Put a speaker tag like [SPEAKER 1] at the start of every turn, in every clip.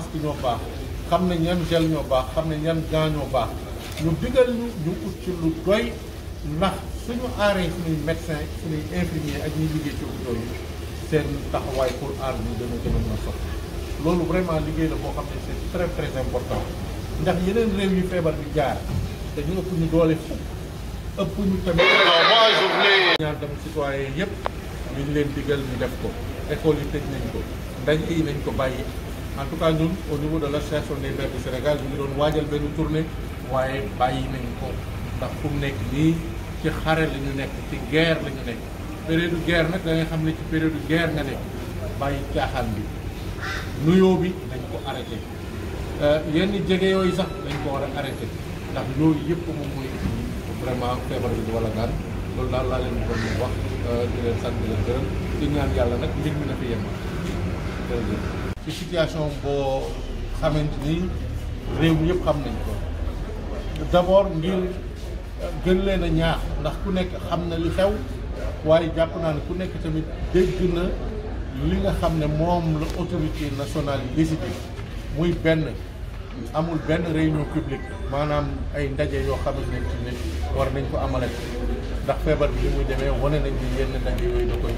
[SPEAKER 1] masque xam ne ñan gel ñoo baax xam ne ñan gant ñoo baax ñu digal ñu ñu ut ci lu doy ndax suñu aaree suñuy médecin suñuy infirmier ak yi seen taxawaay pour aar ñu dana gën a mën a sotti loolu vraiment liggéey la boo xam ne c'est très très important ndax yeneen réew yi feebar bi jaar dañu ëpp ñu doole fukk ëpp ñu tamit ñaan tamit citoyen yëpp ñu ngi leen digal ñu def ko école yi tëj nañ ko ndaje yi nañ ko bàyyi en tout cas ñun au niveau de l'association des maires du Sénégal ñu ngi doon waajal benn tournée waaye bàyyi nañ ko ndax fu nekk nii ci xare la ñu nekk ci guerre lañu nekk période guerre nag da nga xam ne ci période guerre nga nekk bàyyi caaxaan bi nuyoo bi dañ ko arrêté euh, yenn jege yooyu sax dañ ko war a arrêté ndax yooyu yëpp moom mooy vraiment feebar bi wala daal loolu daal laa leen wax euh, di leen sant di leen gërëm di ñaan yàlla nag mbir mi na fi yem ci situation boo xamante ni réew mi yëpp xam nañ ko d'abord ngir gën leen a ñaax ndax ku nekk xam na lu xew waaye jàpp naa ne ku nekk tamit dégg na li nga xam ne moom la autorité nationale yi décidé muy benn amul benn réunion publique maanaam ay ndaje yoo xamante ne war nañ ko amalat ndax feebar bi li muy demee wone nañ ni yenn ndaje yooyu da koy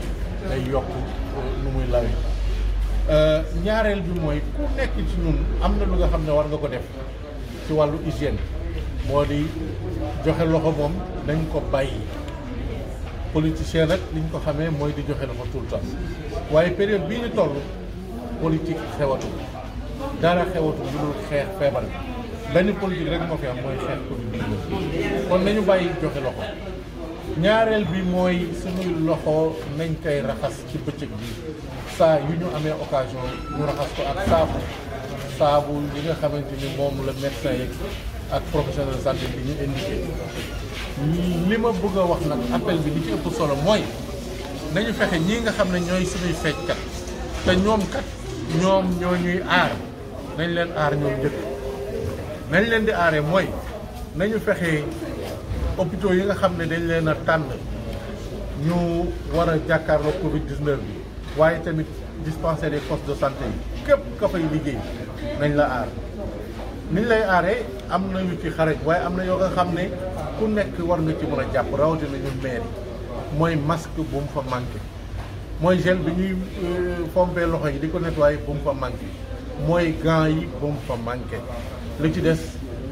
[SPEAKER 1] day yokk euh, nu muy lawee Euh, ñaareel bi mooy ku nekk ci ñun am na lu nga xam ne war nga ko def ci wàllu hygiène moo di joxe loxo moom nañ ko bàyyi politicien rek liñ ko xamee mooy di joxe loxo tout le temps waaye période bii ñu toll politique xewatu dara xewatu lu dul xeex feebar benn politique rek moo fi am mooy xeex kon nañu bàyyi joxe loxo ñaareel bi mooy suñuy loxo nañ koy raxas ci bëccëg bi saa yu ñu amee occasion ñu raxas ko ak saabu saabu yi nga xamante ni moom la médecin yi ak professionnel de santé bi ñu indiqué li ma bëgg a wax nag appel bi li ci ëpp solo mooy nañu fexe ñii nga xam ne ñooy suñuy feejkat te ñoom kat ñoom ñoo ñuy aar nañ leen aar ñoom jëkk nañ leen di aaree mooy nañu fexe. hôpitaux yi nga xam ne dañ leen a tànn ñu war a jàkkaarloo Covid 19 bi waaye tamit dispensaires yi postes de santé yi képp ka fay liggéey nañ la aar niñ lay aaree am na nañu ci xarit waaye am na yoo nga xam ne ku nekk war nga ci mën a jàpp rawatina ñun maire yi mooy masque bu mu fa manqué mooy gel bi ñuy pompé euh, loxo yi di ko nettoyé bu mu fa manqué mooy gants yi bu mu fa manqué li ci des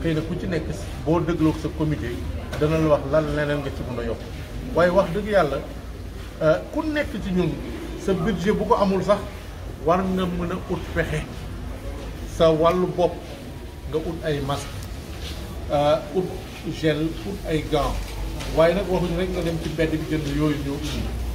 [SPEAKER 1] xëy na ku ci nekk boo dégloo sa comité. danañ wax lal leneen nga ci mën a yokk waaye wax dëgg yàlla euh, ku nekk ci ñun sa budget bu ko amul sax war nga mën a ut pexe sa wàllu bopp nga ut ay masque euh, ut gel ut ay gants waaye nag waxuñu nga dem ci mbedd bi jënd yooyu ñëw.